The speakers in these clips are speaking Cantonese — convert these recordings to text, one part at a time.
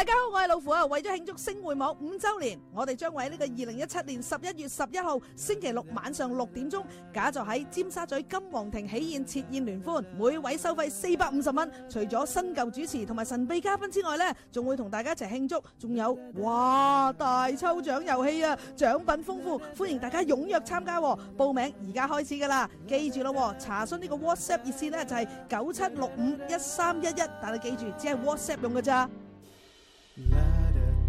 大家好，我係老虎啊！為咗慶祝星匯網五周年，我哋將會喺呢個二零一七年十一月十一號星期六晚上六點鐘，假作喺尖沙咀金皇庭喜宴設宴聯歡。每位收費四百五十蚊，除咗新舊主持同埋神秘嘉賓之外呢，仲會同大家一齊慶祝。仲有哇大抽獎遊戲啊，獎品豐富，歡迎大家踴躍參加。報名而家開始噶啦，記住咯，查詢呢個 WhatsApp 熱線呢就係九七六五一三一一，但係記住只係 WhatsApp 用噶咋。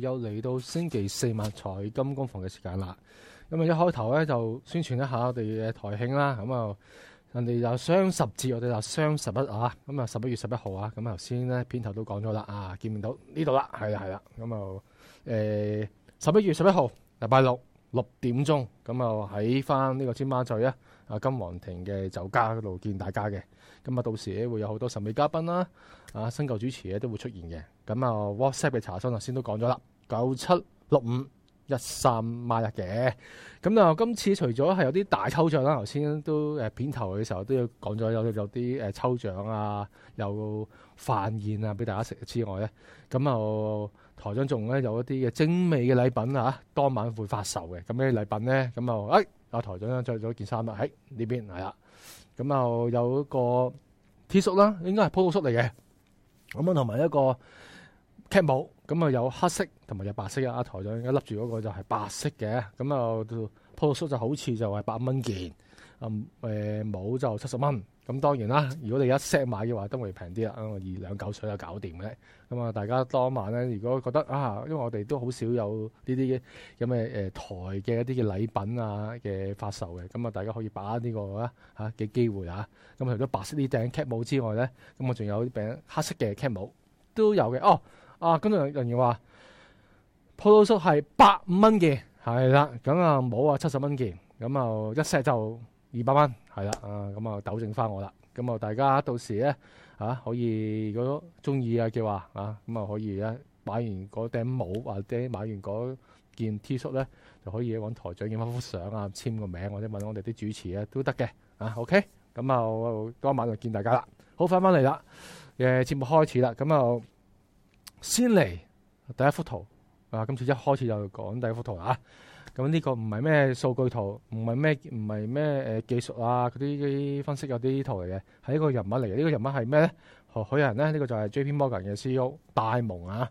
又嚟到星期四晚財金工房嘅時間啦，咁啊一開頭咧就宣傳一下我哋嘅台慶啦，咁啊人哋就雙十節，我哋就雙十一啊，咁啊十一月十一號啊，咁頭先咧片頭都講咗啦啊，見唔到呢度啦，係啦係啦，咁啊誒十一月十一號禮拜六。六點鐘咁啊，喺翻呢個尖沙咀啊，啊金皇庭嘅酒家度見大家嘅。咁啊，到時會有好多神秘嘉賓啦，啊新舊主持咧都會出現嘅。咁啊，WhatsApp 嘅查詢頭先都講咗啦，九七六五一三孖一嘅。咁啊，今次除咗係有啲大抽獎啦，頭先都片頭嘅時候都要講咗有有啲抽獎啊，有飯宴啊俾大家食之外咧，咁啊～台長仲咧有一啲嘅精美嘅禮品啊，當晚會發售嘅。咁呢啲禮品咧，咁又誒，阿、哎啊、台長着咗件衫啦，喺呢邊係啦。咁又有一個 T 恤啦，應該係 polo 恤嚟嘅。咁啊，同埋一個 cap 帽，咁啊有黑色同埋有白色嘅。阿、啊、台長一笠住嗰個就係白色嘅。咁啊，polo 恤就好似就係八蚊件。啊誒帽就七十蚊，咁當然啦。如果你一 set 買嘅話，都會平啲啦，我二兩九水就搞掂嘅。咁、嗯、啊，大家當晚咧，如果覺得啊，因為我哋都好少有呢啲嘅咁嘅誒台嘅一啲嘅禮品啊嘅發售嘅，咁、嗯、啊大家可以把握呢個啊嘅機會啊。咁、嗯、除咗白色呢頂 cap 帽之外咧，咁啊仲有啲餅黑色嘅 cap 帽都有嘅。哦，啊，咁、嗯、有人話 polo 恤係百五蚊件，係、嗯、啦，咁啊帽啊七十蚊件，咁啊一 set 就二百蚊，係啦啊，咁啊糾正翻我啦。咁啊，大家到時咧嚇、啊、可以，如果中意啊，嘅話啊，咁啊可以咧買完嗰頂帽或者買完嗰件 T 恤咧，就可以揾台長影翻幅相啊，簽個名或者揾我哋啲主持呀都得嘅。啊，OK，咁啊，今晚就見大家啦。好，翻返嚟啦。誒、呃，節目開始啦。咁啊，先嚟第一幅圖啊，今次一開始就講第一幅圖啊。咁、這、呢個唔係咩數據圖，唔係咩唔係咩技術啊嗰啲啲分析有啲圖嚟嘅，係一個人物嚟嘅。呢、這個人物係咩咧？好、哦，何許人咧呢、這個就係 JP Morgan 嘅 CEO 戴蒙啊。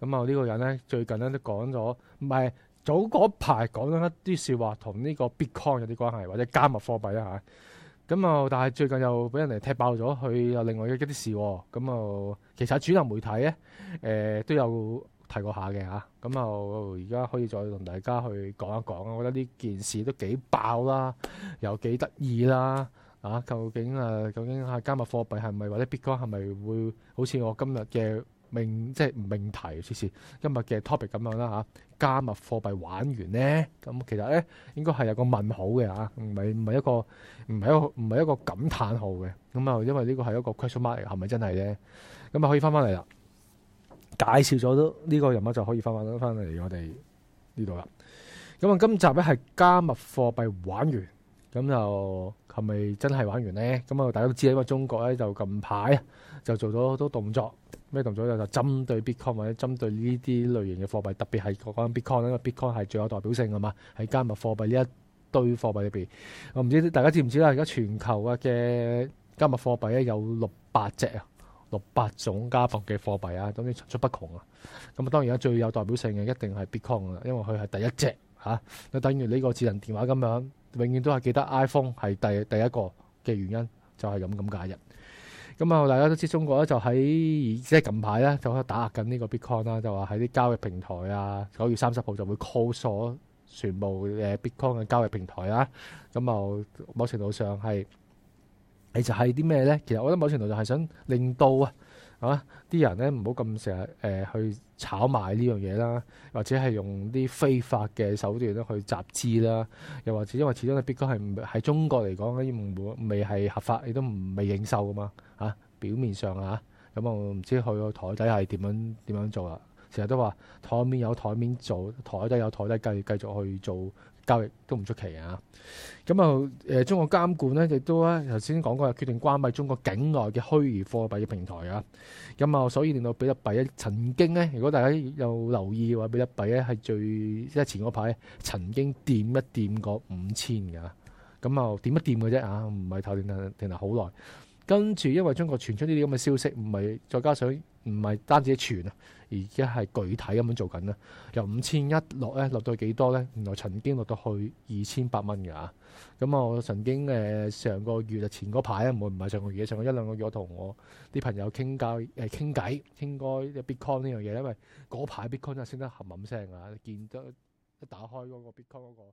咁啊呢個人咧最近咧都講咗，唔係早嗰排講咗一啲說話同呢個 Bitcoin 有啲關係，或者加密貨幣啊嚇。咁啊，嗯、但係最近又俾人哋踢爆咗，佢有另外一啲事。咁、嗯、啊，其實主流媒體咧誒、呃、都有。提過下嘅嚇、啊，咁啊而家可以再同大家去講一講。我覺得呢件事都幾爆啦，又幾得意啦。啊，究竟啊，究竟啊加密貨幣係咪或者 Bitcoin 係咪會好似我今日嘅命即係命題似是今日嘅 topic 咁樣啦、啊、嚇？加密貨幣玩完呢？咁其實咧應該係有個問號嘅嚇、啊，唔係唔係一個唔係一個唔係一個感嘆號嘅。咁啊，因為呢個係一個 question mark 係咪真係咧？咁啊，可以翻翻嚟啦。介紹咗都呢個人物就可以翻翻翻嚟我哋呢度啦。咁啊，今集咧係加密貨幣玩完，咁就係咪真係玩完呢？咁啊，大家都知啦，因為中國咧就近排就做咗好多動作，咩動作咧就針對 Bitcoin 或者針對呢啲類型嘅貨幣，特別係講緊 Bitcoin，因為 Bitcoin 係最有代表性啊嘛，喺加密貨幣呢一堆貨幣裏邊。我唔知大家知唔知啦，而家全球嘅加密貨幣咧有六百隻啊！六百種加密嘅貨幣啊，等於層出不窮啊。咁啊，當然啦，最有代表性嘅一定係 Bitcoin 啦，因為佢係第一隻嚇。你、啊、等於呢個智能電話咁樣，永遠都係記得 iPhone 係第第一個嘅原因，就係咁咁解日咁啊，大家都知中國咧，就喺即係近排咧，就喺度打壓緊呢個 Bitcoin 啦，就話喺啲交易平台啊，九月三十號就會 close 全部誒 Bitcoin 嘅交易平台啊。咁啊，某程度上係。其實係啲咩咧？其實我覺得某程度就係想令到啊，嚇啲人咧，唔好咁成日誒去炒賣呢樣嘢啦，或者係用啲非法嘅手段咧去集資啦，又或者因為始終係必須係喺中國嚟講，呢啲唔會未係合法，亦都唔未認受噶嘛嚇、啊。表面上啊，咁我唔知佢個台底係點樣點樣做啦。成日都話台面有台面做，台底有台底計，繼續去做。交易都唔出奇啊！咁啊，誒、呃、中國監管咧亦都咧頭先講過，決定關閉中國境內嘅虛擬貨幣嘅平台啊！咁啊，所以令到比特幣咧曾經咧，如果大家有留意嘅話，比特幣咧係最即係前嗰排曾經掂一掂過五千㗎，咁啊掂一掂嘅啫啊，唔係頭停停停好耐。跟住，因為中國傳出呢啲咁嘅消息，唔係再加上唔係單止傳啊，而家係具體咁樣做緊啦。由五千一落咧，落到幾多咧？原來曾經落到去二千八蚊嘅咁啊、嗯，我曾經、呃、上個月啊，前嗰排啊，唔會唔係上個月，上個一兩個月，我同我啲朋友傾偈，誒傾偈，傾開 bitcoin 呢樣嘢，因為嗰排 bitcoin 啊升得冚冚聲嘅嚇，見得一打開嗰個 bitcoin、嗰個。